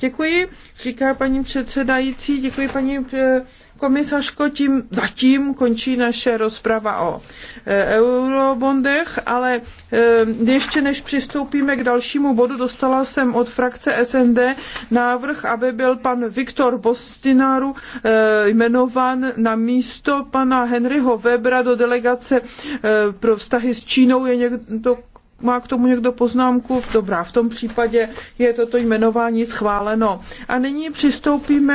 Děkuji, říká paní předsedající, děkuji paní eh, komisařko, tím zatím končí naše rozprava o eh, eurobondech, ale eh, ještě než přistoupíme k dalšímu bodu, dostala jsem od frakce SND návrh, aby byl pan Viktor Bostinaru jmenován na místo pana Henryho Webera do delegace pro vztahy s Čínou. Je někdo má k tomu někdo poznámku? Dobrá, v tom případě je toto jmenování schváleno. A nyní přistoupíme